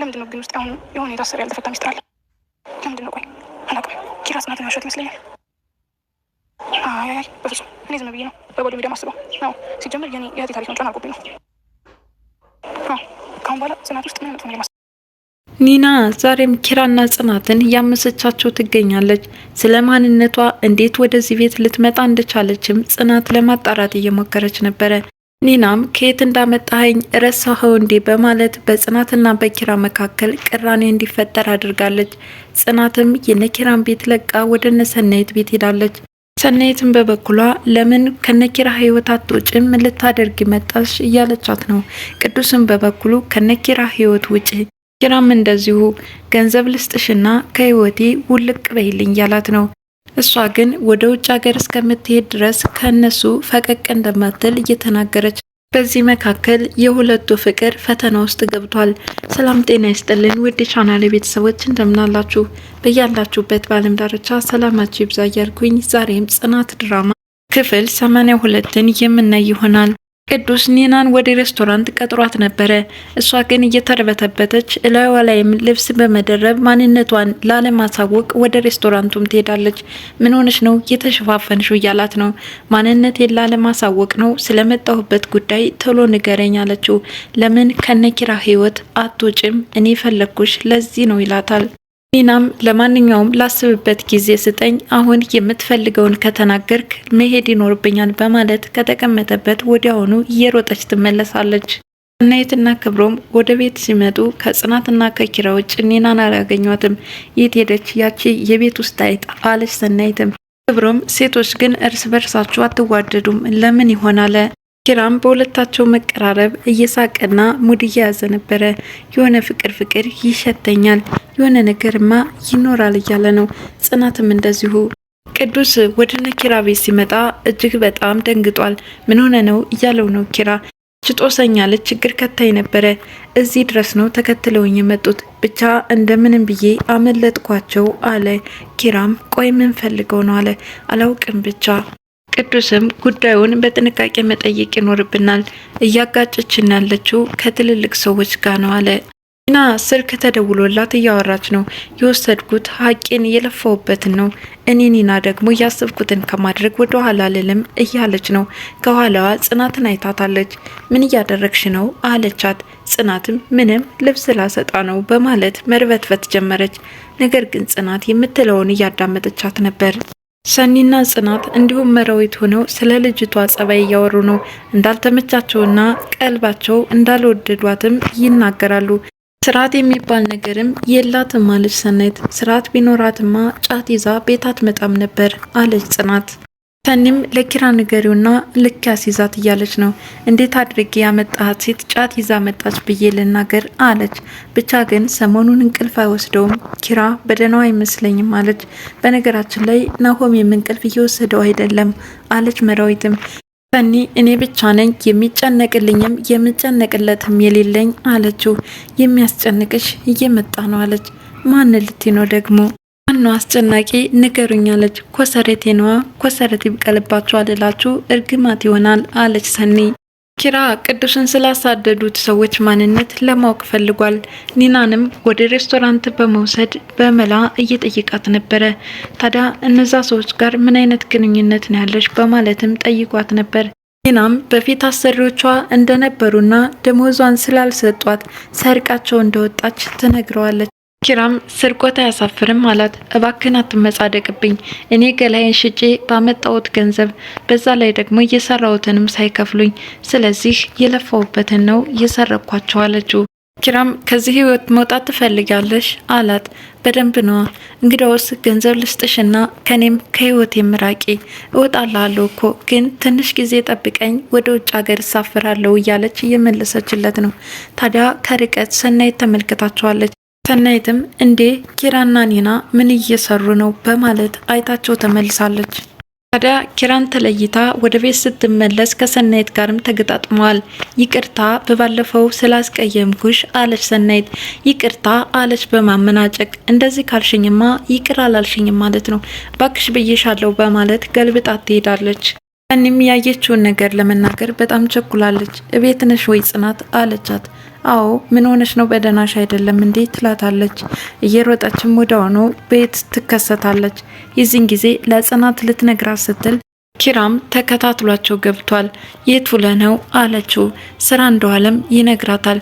ለምንድን ነው ግን ውስጥ አሁን የሆነ የታሰረ ያልተፈታ ሚስጥር አለ? ለምንድን ነው? ቆይ አላውቅም። ኪራ ጽናትን ያሸት ይመስለኛል። አይ በፍጹም እኔ ዝም ብዬ ነው በባዶ ሜዳ ማስበው ነው። ሲጀምር የኔ የእህቴ ታሪክ መጫን አልቆብኝ ነው። ከአሁን በኋላ ጽናት ውስጥ ምን መጥፎ ነገር ኒና ዛሬም ኪራና ጽናትን እያመሰቻቸው ትገኛለች። ስለ ማንነቷ እንዴት ወደዚህ ቤት ልትመጣ እንደቻለችም ጽናት ለማጣራት እየሞከረች ነበረ። ኒናም ከየት እንዳመጣኸኝ ረሳኸው እንዴ በማለት በጽናትና በኪራ መካከል ቅራኔ እንዲፈጠር አድርጋለች። ጽናትም የነኪራን ቤት ለቃ ወደ ነሰናየት ቤት ሄዳለች። ሰናየትን በበኩሏ ለምን ከነኪራ ህይወት አትወጪም? ልታደርግ መጣሽ? እያለቻት ነው። ቅዱስም በበኩሉ ከነኪራ ህይወት ውጪ ኪራም እንደዚሁ ገንዘብ ልስጥሽና ከህይወቴ ውልቅ በይልኝ እያላት ነው። እሷ ግን ወደ ውጭ ሀገር እስከምትሄድ ድረስ ከእነሱ ፈቀቅ እንደማትል እየተናገረች በዚህ መካከል የሁለቱ ፍቅር ፈተና ውስጥ ገብቷል። ሰላም ጤና ይስጥልን ውድ ቻናል ቤተሰቦች እንደምናላችሁ በያላችሁበት በዓለም ዳርቻ ሰላማችሁ ይብዛ እያልኩኝ ዛሬም ጽናት ድራማ ክፍል ሰማንያ ሁለትን የምናይ ይሆናል። ቅዱስ ኒናን ወደ ሬስቶራንት ቀጥሯት ነበረ። እሷ ግን እየተርበተበተች እላይዋ ላይም ልብስ በመደረብ ማንነቷን ላለማሳወቅ ወደ ሬስቶራንቱም ትሄዳለች። ምን ሆነች ነው የተሸፋፈንሽው? እያላት ነው። ማንነቴን ላለማሳወቅ ነው፣ ስለመጣሁበት ጉዳይ ቶሎ ንገረኝ አለችው። ለምን ከነኪራ ህይወት አትወጭም? እኔ ፈለግኩሽ ለዚህ ነው ይላታል። ኒናም ለማንኛውም ላስብበት ጊዜ ስጠኝ፣ አሁን የምትፈልገውን ከተናገርክ መሄድ ይኖርብኛል በማለት ከተቀመጠበት ወዲያውኑ እየሮጠች ትመለሳለች። እናየትና ክብሮም ወደ ቤት ሲመጡ ከጽናትና ከኪራ ውጭ ኒናን አላገኟትም። የት ሄደች ያቺ የቤት ውስጥ አይጣፋ አለች ሰናይትም። ክብሮም ሴቶች ግን እርስ በርሳችሁ አትዋደዱም ለምን አለ። ኪራም በሁለታቸው መቀራረብ እየሳቀና ሙድ እየያዘ ነበረ። የሆነ ፍቅር ፍቅር ይሸተኛል፣ የሆነ ነገርማ ይኖራል እያለ ነው። ጽናትም እንደዚሁ። ቅዱስ ወደ እነ ኪራ ቤት ሲመጣ እጅግ በጣም ደንግጧል። ምን ሆነ ነው እያለው ነው ኪራ ችጦሰኛለች ችግር ከታይ ነበረ። እዚህ ድረስ ነው ተከትለውኝ የመጡት ብቻ እንደምንም ብዬ አመለጥኳቸው አለ። ኪራም ቆይ ምን ፈልገው ነው አለ። አላውቅም ብቻ ቅዱስም ጉዳዩን በጥንቃቄ መጠየቅ ይኖርብናል፣ እያጋጨችን ያለችው ከትልልቅ ሰዎች ጋር ነው አለ እና ስልክ ተደውሎላት እያወራች ነው። የወሰድኩት ሀቂን የለፋውበትን ነው ኒና ደግሞ እያሰብኩትን ከማድረግ ወደ ኋላ ልልም እያለች ነው። ከኋላዋ ጽናትን አይታታለች። ምን እያደረግሽ ነው አለቻት። ጽናትም ምንም ልብስ ላሰጣ ነው በማለት መርበትበት ጀመረች። ነገር ግን ጽናት የምትለውን እያዳመጠቻት ነበር። ሰኒና ጽናት እንዲሁም መራዊት ሆነው ስለ ልጅቷ ጸባይ እያወሩ ነው። እንዳልተመቻቸውና ቀልባቸው እንዳልወደዷትም ይናገራሉ። ስርዓት የሚባል ነገርም የላት ልጅ ሰናይት፣ ስርዓት ቢኖራትማ ጫት ይዛ ቤት አትመጣም ነበር አለች ጽናት። ሰኒም ለኪራ ንገሪውና ልክ ያስይዛት እያለች ነው። እንዴት አድርጌ ያመጣሃት ሴት ጫት ይዛ መጣች ብዬ ልናገር አለች። ብቻ ግን ሰሞኑን እንቅልፍ አይወስደውም ኪራ በደህናው አይመስለኝም አለች። በነገራችን ላይ ናሆሜም እንቅልፍ እየወሰደው አይደለም አለች መራዊትም ሰኒ እኔ ብቻ ነኝ የሚጨነቅልኝም የምጨነቅለትም የሌለኝ አለችው። የሚያስጨንቅሽ እየመጣ ነው አለች። ማን ልቲ ነው ደግሞ ዋናው አስጨናቂ ንገሩኛለች። ኮሰረቴ ነዋ ኮሰረት ይብቀልባችኋል እላችሁ እርግማት ይሆናል አለች ሰኒ። ኪራ ቅዱስን ስላሳደዱት ሰዎች ማንነት ለማወቅ ፈልጓል። ኒናንም ወደ ሬስቶራንት በመውሰድ በመላ እየጠየቃት ነበረ። ታዲያ እነዛ ሰዎች ጋር ምን አይነት ግንኙነት ነው ያለች በማለትም ጠይቋት ነበር። ኒናም በፊት አሰሪዎቿ እንደነበሩና ደሞዟን ስላልሰጧት ሰርቃቸው እንደወጣች ትነግረዋለች። ኪራም ስርቆት አያሳፍርም አላት። እባክህን አትመጻደቅብኝ። እኔ ገላይን ሽጬ ባመጣሁት ገንዘብ በዛ ላይ ደግሞ እየሰራሁትንም ሳይከፍሉኝ፣ ስለዚህ የለፋሁበትን ነው እየሰረኳቸው አለችው። ኪራም ከዚህ ህይወት መውጣት ትፈልጋለሽ አላት። በደንብ ነዋ። እንግዳውስ ገንዘብ ልስጥሽና ከኔም ከህይወት የምራቂ እወጣላለሁ እኮ ግን ትንሽ ጊዜ ጠብቀኝ፣ ወደ ውጭ ሀገር እሳፍራለሁ እያለች እየመለሰችለት ነው። ታዲያ ከርቀት ሰናይት ተመልክታቸዋለች። ሰናይትም እንዴ ኪራና ኒና ምን እየሰሩ ነው በማለት አይታቸው ተመልሳለች። ታዲያ ኪራን ተለይታ ወደ ቤት ስትመለስ ከሰናይት ጋርም ተገጣጥመዋል። ይቅርታ በባለፈው ስላስቀየምኩሽ አለች ሰናይት። ይቅርታ አለች በማመናጨቅ እንደዚህ ካልሽኝማ ይቅር አላልሽኝም ማለት ነው ባክሽ ብዬሻለሁ በማለት ገልብጣት ትሄዳለች። እኔም ያየችውን ነገር ለመናገር በጣም ቸኩላለች። እቤት ነሽ ወይ ጽናት አለቻት። አዎ ምን ሆነች ነው በደናሽ አይደለም እንዴ ትላታለች። እየሮጠችም ወዲያውኑ ቤት ትከሰታለች። የዚህን ጊዜ ለጽናት ልትነግራት ስትል ኪራም ተከታትሏቸው ገብቷል። የት ውለ ነው አለችው። ስራ እንደዋለም ይነግራታል።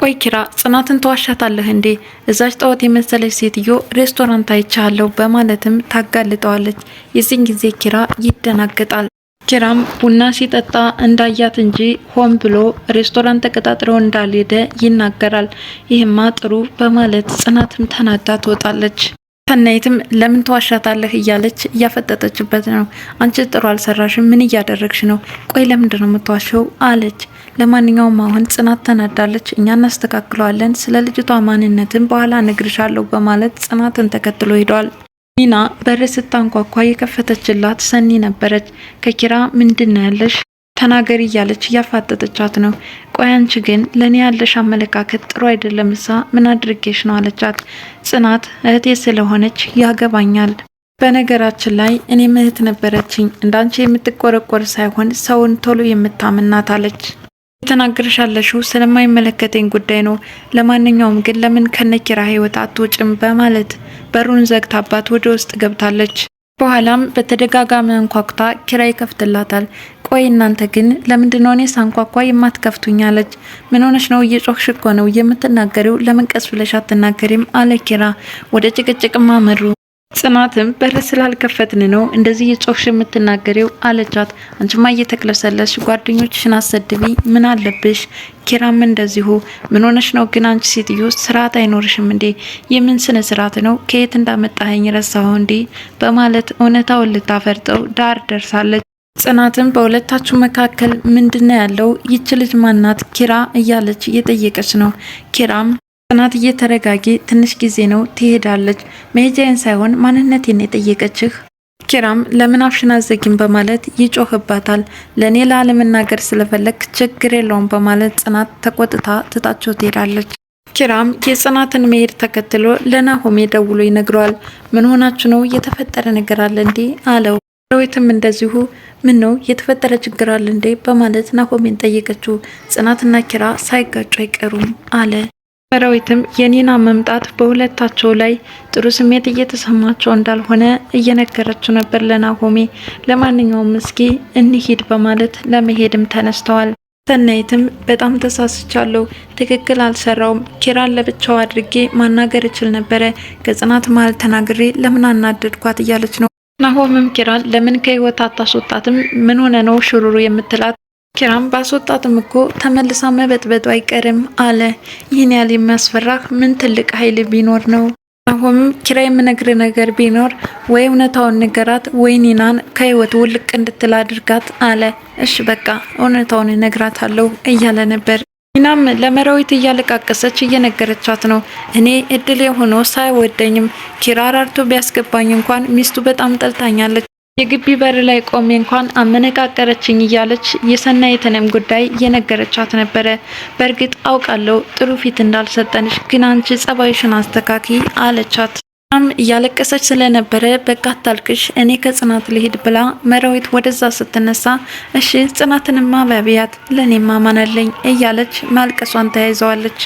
ቆይ ኪራ ጽናትን ተዋሻታለህ እንዴ? እዛች ጠዋት የመሰለች ሴትዮ ሬስቶራንት አይቻለሁ በማለትም ታጋልጠዋለች። የዚህን ጊዜ ኪራ ይደናግጣል። ኪራም ቡና ሲጠጣ እንዳያት እንጂ ሆን ብሎ ሬስቶራንት ተቀጣጥሮ እንዳልሄደ ይናገራል። ይህማ ጥሩ በማለት ጽናትም ተናዳ ትወጣለች። ሰናይትም ለምን ትዋሻታለህ እያለች እያፈጠጠችበት ነው። አንቺ ጥሩ አልሰራሽም፣ ምን እያደረግሽ ነው? ቆይ ለምንድን ነው የምትዋሸው? አለች። ለማንኛውም አሁን ጽናት ተናዳለች፣ እኛ እናስተካክለዋለን። ስለ ልጅቷ ማንነትም በኋላ እነግርሻለሁ በማለት ጽናትን ተከትሎ ሄዷል። ኒና በር ስታንኳኳ የከፈተችላት ሰኒ ነበረች። ከኪራ ምንድን ነው ያለሽ ተናገሪ እያለች እያፋጠጠቻት ነው። ቆይ አንቺ ግን ለእኔ ያለሽ አመለካከት ጥሩ አይደለም፣ እሳ ምን አድርጌሽ ነው አለቻት። ጽናት እህቴ ስለሆነች ያገባኛል። በነገራችን ላይ እኔም እህት ነበረችኝ እንዳንቺ የምትቆረቆር ሳይሆን ሰውን ቶሎ የምታምናት አለች። የተናገርሽ ስለማይመለከተኝ ጉዳይ ነው። ለማንኛውም ግን ለምን ከነኪራ ህይወት አትውጭም በማለት በሩን ዘግታባት ወደ ውስጥ ገብታለች። በኋላም በተደጋጋሚ አንኳኩታ ኪራ ይከፍትላታል። ቆይ እናንተ ግን ለምንድነው ነው እኔ ሳንኳኳ የማትከፍቱኝ? አለች። ምን ሆነሽ ነው? እየጮኽሽ እኮ ነው የምትናገሪው። ለምን ቀስ ብለሽ አትናገሪም? አለ ኪራ። ወደ ጭቅጭቅ ማመሩ ጽናትም በር ስላልከፈትን ነው እንደዚህ የጮክሽ የምትናገሬው አለቻት። አንችማ እየተቅለሰለሽ ጓደኞችሽን አሰድቢ ምን አለብሽ? ኪራም እንደዚሁ ምን ሆነሽ ነው ግን አንቺ ሴትዮ ስርዓት አይኖርሽም እንዴ? የምን ስነ ስርዓት ነው? ከየት እንዳመጣኸኝ ረሳሁ እንዴ? በማለት እውነታውን ልታፈርጠው ዳር ደርሳለች። ጽናትም በሁለታችሁ መካከል ምንድነው ያለው? ይች ልጅ ማናት ኪራ እያለች እየጠየቀች ነው ኪራም ጽናትዬ ተረጋጊ፣ ትንሽ ጊዜ ነው ትሄዳለች። መሄጃዬን ሳይሆን ማንነቴን የጠየቀችህ። ኪራም ለምን አፍሽን አዘጊም በማለት ይጮህባታል። ለእኔ ላለመናገር ስለፈለግ ችግር የለውም በማለት ጽናት ተቆጥታ ትታቸው ትሄዳለች። ኪራም የጽናትን መሄድ ተከትሎ ለናሆሜ ደውሎ ይነግረዋል። ምን ሆናችሁ ነው? የተፈጠረ ነገር አለ እንዴ? አለው። ዳዊትም እንደዚሁ ምን ነው የተፈጠረ ችግር አለ እንዴ? በማለት ናሆሜን ጠየቀችው። ጽናትና ኪራ ሳይጋጩ አይቀሩም አለ። ሰራዊትም የኒና መምጣት በሁለታቸው ላይ ጥሩ ስሜት እየተሰማቸው እንዳልሆነ እየነገረችው ነበር ለናሆሜ። ለማንኛውም እስኪ እንሂድ በማለት ለመሄድም ተነስተዋል። ሰናይትም በጣም ተሳስቻለሁ፣ ትክክል አልሰራውም፣ ኪራን ለብቻው አድርጌ ማናገር እችል ነበረ፣ ከጽናት መሀል ተናግሬ ለምን አናደድኳት እያለች ነው። ናሆምም ኪራን ለምን ከህይወት አታስወጣትም? ምን ሆነ ነው ሽሩሩ የምትላት ኪራም ባስወጣትም እኮ ተመልሳ መበጥበጡ አይቀርም አለ። ይህን ያህል የሚያስፈራህ ምን ትልቅ ኃይል ቢኖር ነው? አሁንም ኪራ የምነግር ነገር ቢኖር ወይ እውነታውን ንገራት ወይ ኒናን ከህይወት ውልቅ እንድትል አድርጋት አለ። እሽ በቃ እውነታውን እነግራታለሁ እያለ ነበር። ኒናም ለመራዊት እያለቃቀሰች እየነገረቻት ነው። እኔ እድል የሆነው ሳይወደኝም ኪራ ራርቶ ቢያስገባኝ እንኳን ሚስቱ በጣም ጠልታኛለች የግቢ በር ላይ ቆሜ እንኳን አመነቃቀረችኝ እያለች የሰናይትንም ጉዳይ የነገረቻት ነበረ። በእርግጥ አውቃለሁ ጥሩ ፊት እንዳልሰጠንሽ፣ ግን አንቺ ጸባይሽን አስተካኪ አለቻት። ም እያለቀሰች ስለነበረ በቃ አታልቅሽ፣ እኔ ከጽናት ልሄድ ብላ መራዊት ወደዛ ስትነሳ እሺ ጽናትንማ በብያት ለእኔ ማማናለኝ እያለች ማልቀሷን ተያይዘዋለች።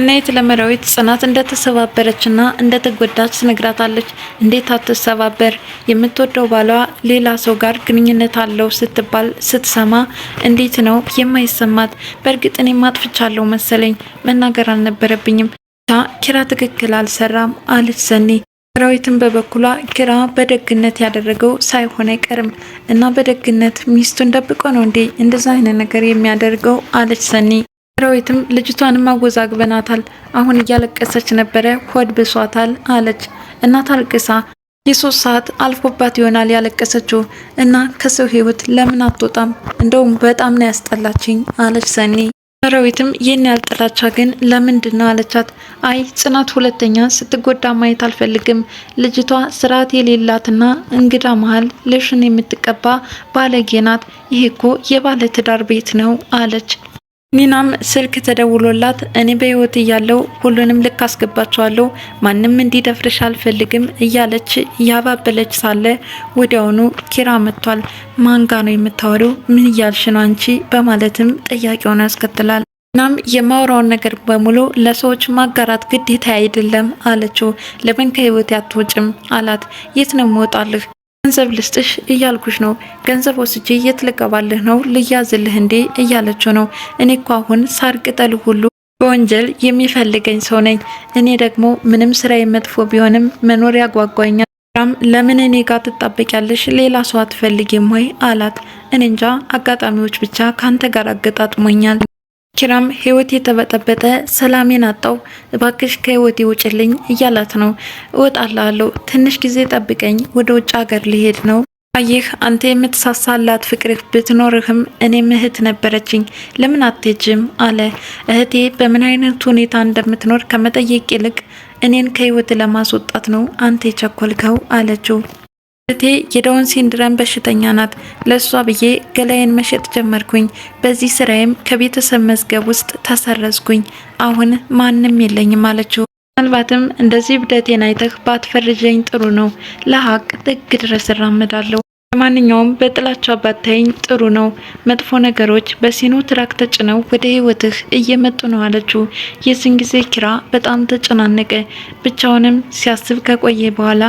እናይት ለመራዊት ጽናት እንደተሰባበረችና እንደተጎዳች ትነግራታለች። እንዴት አትሰባበር የምትወደው ባሏ ሌላ ሰው ጋር ግንኙነት አለው ስትባል ስትሰማ እንዴት ነው የማይሰማት? በእርግጥ እኔ ማጥፍቻለሁ መሰለኝ መናገር አልነበረብኝም። ታ ኪራ ትክክል አልሰራም አለች ሰኒ መራዊትን በበኩሏ ኪራ በደግነት ያደረገው ሳይሆን አይቀርም እና በደግነት ሚስቱን ደብቆ ነው እንዴ እንደዛ አይነት ነገር የሚያደርገው አለች ሰኒ ዳዊትም ልጅቷንም አወዛግበናታል፣ አሁን እያለቀሰች ነበረ፣ ሆድ ብሷታል አለች። እናት አልቅሳ የሶስት ሰዓት አልፎባት ይሆናል ያለቀሰችው እና ከሰው ህይወት ለምን አትወጣም? እንደውም በጣም ነው ያስጠላችኝ አለች ሰኒ። ሰራዊትም ይህን ያልጠላቻ ግን ለምንድን ነው አለቻት። አይ ጽናት ሁለተኛ ስትጎዳ ማየት አልፈልግም። ልጅቷ ስርዓት የሌላትና እንግዳ መሀል ለሽን የምትቀባ ባለጌ ናት። ይህ እኮ የባለ ትዳር ቤት ነው አለች። ኒናም ስልክ ተደውሎላት እኔ በህይወት እያለው ሁሉንም ልክ አስገባቸዋለሁ ማንም እንዲደፍርሽ አልፈልግም እያለች እያባበለች ሳለ ወዲያውኑ ኪራ መጥቷል። ማንጋ ነው የምታወሪው? ምን እያልሽ ነው አንቺ? በማለትም ጥያቄውን ያስከትላል። እናም የማውራውን ነገር በሙሉ ለሰዎች ማጋራት ግዴታ አይደለም አለችው። ለምን ከህይወት አትወጭም አላት። የት ነው እምወጣልህ ገንዘብ ልስጥሽ እያልኩሽ ነው። ገንዘብ ወስጄ የት ነው? ልያዝልህ እንዴ? እያለችው ነው። እኔ እኮ አሁን ሳር ቅጠል ሁሉ በወንጀል የሚፈልገኝ ሰው ነኝ። እኔ ደግሞ ምንም ስራዬ መጥፎ ቢሆንም መኖር ያጓጓኛል። ራም ለምን እኔ ጋር ትጣበቂያለሽ? ሌላ ሰው አትፈልጊም ወይ አላት። እኔ እንጃ አጋጣሚዎች ብቻ ካንተ ጋር አገጣጥሞኛል። ኪራም ህይወት የተበጠበጠ ሰላሜን አጣው፣ እባክሽ ከህይወት ውጭልኝ እያላት ነው። እወጣላለሁ፣ ትንሽ ጊዜ ጠብቀኝ፣ ወደ ውጭ ሀገር ሊሄድ ነው። አየህ አንተ የምትሳሳላት ፍቅርህ ብትኖርህም እኔም እህት ነበረችኝ፣ ለምን አትሄጂም አለ። እህቴ በምን አይነት ሁኔታ እንደምትኖር ከመጠየቅ ይልቅ እኔን ከህይወት ለማስወጣት ነው አንተ የቸኮልከው አለችው። ቴ የዳውን ሲንድረም በሽተኛ ናት። ለእሷ ብዬ ገላዬን መሸጥ ጀመርኩኝ። በዚህ ስራዬም ከቤተሰብ መዝገብ ውስጥ ተሰረዝኩኝ። አሁን ማንም የለኝም አለችው። ምናልባትም እንደዚህ ብደቴን አይተህ ባትፈርጀኝ ጥሩ ነው። ለሀቅ ጥግ ድረስ እራምዳለሁ ማንኛውም በጥላቻ ባታይኝ ጥሩ ነው። መጥፎ ነገሮች በሲኖ ትራክ ተጭነው ወደ ህይወትህ እየመጡ ነው አለችው። የዚን ጊዜ ኪራ በጣም ተጨናነቀ። ብቻውንም ሲያስብ ከቆየ በኋላ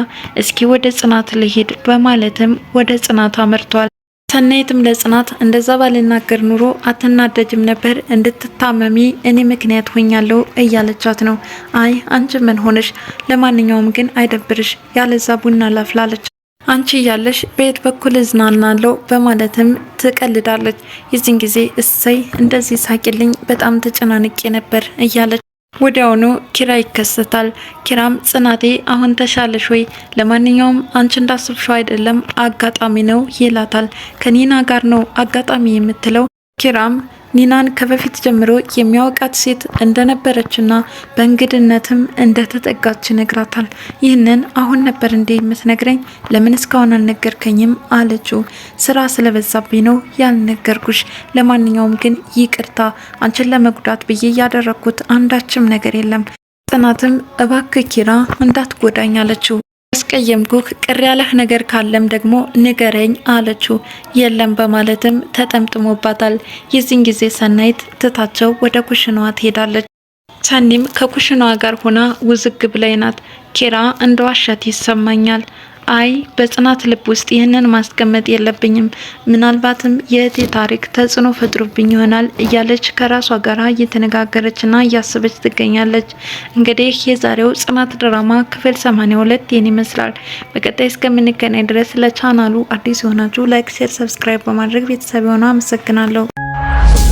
እስኪ ወደ ጽናት ልሄድ በማለትም ወደ ጽናት አመርቷል። ሰናይትም ለጽናት እንደዛ ባልናገር ኑሮ አትናደጅም ነበር፣ እንድትታመሚ እኔ ምክንያት ሆኛለሁ እያለቻት ነው። አይ አንቺ ምን ሆነሽ? ለማንኛውም ግን አይደብርሽ፣ ያለዛ ቡና ላፍላለች አንቺ እያለሽ በየት በኩል እዝናናለው በማለትም ትቀልዳለች። የዚህን ጊዜ እሰይ እንደዚህ ሳቂልኝ በጣም ተጨናንቄ ነበር እያለች ወዲያውኑ ኪራ ይከሰታል። ኪራም ጽናቴ አሁን ተሻለሽ ወይ? ለማንኛውም አንቺ እንዳስብሽው አይደለም አጋጣሚ ነው ይላታል። ከኒና ጋር ነው አጋጣሚ የምትለው ኪራም ኒናን ከበፊት ጀምሮ የሚያወቃት ሴት እንደነበረችና በእንግድነትም እንደተጠጋች ይነግራታል። ይህንን አሁን ነበር እንዴ የምትነግረኝ? ለምን እስካሁን አልነገርከኝም? አለችው። ስራ ስለበዛብኝ ነው ያልነገርኩሽ። ለማንኛውም ግን ይቅርታ፣ አንቺን ለመጉዳት ብዬ እያደረግኩት አንዳችም ነገር የለም። ጽናትም እባክ ኪራ እንዳትጎዳኝ አለችው። ያስቀየምኩህ ቅር ያለህ ነገር ካለም ደግሞ ንገረኝ አለችው። የለም በማለትም ተጠምጥሞባታል። የዚህን ጊዜ ሰናይት ትታቸው ወደ ኩሽናዋ ትሄዳለች። ሰኒም ከኩሽናዋ ጋር ሆና ውዝግብ ላይ ናት። ኬራ እንደ ይሰማኛል አይ በጽናት ልብ ውስጥ ይህንን ማስቀመጥ የለብኝም፣ ምናልባትም የእህቴ ታሪክ ተጽዕኖ ፈጥሮብኝ ይሆናል እያለች ከራሷ ጋር እየተነጋገረችና እያሰበች ትገኛለች። እንግዲህ የዛሬው ጽናት ድራማ ክፍል 82 ይህን ይመስላል። በቀጣይ እስከምንገናኝ ድረስ ለቻናሉ አዲስ የሆናችሁ ላይክ፣ ሼር፣ ሰብስክራይብ በማድረግ ቤተሰብ የሆነ አመሰግናለሁ።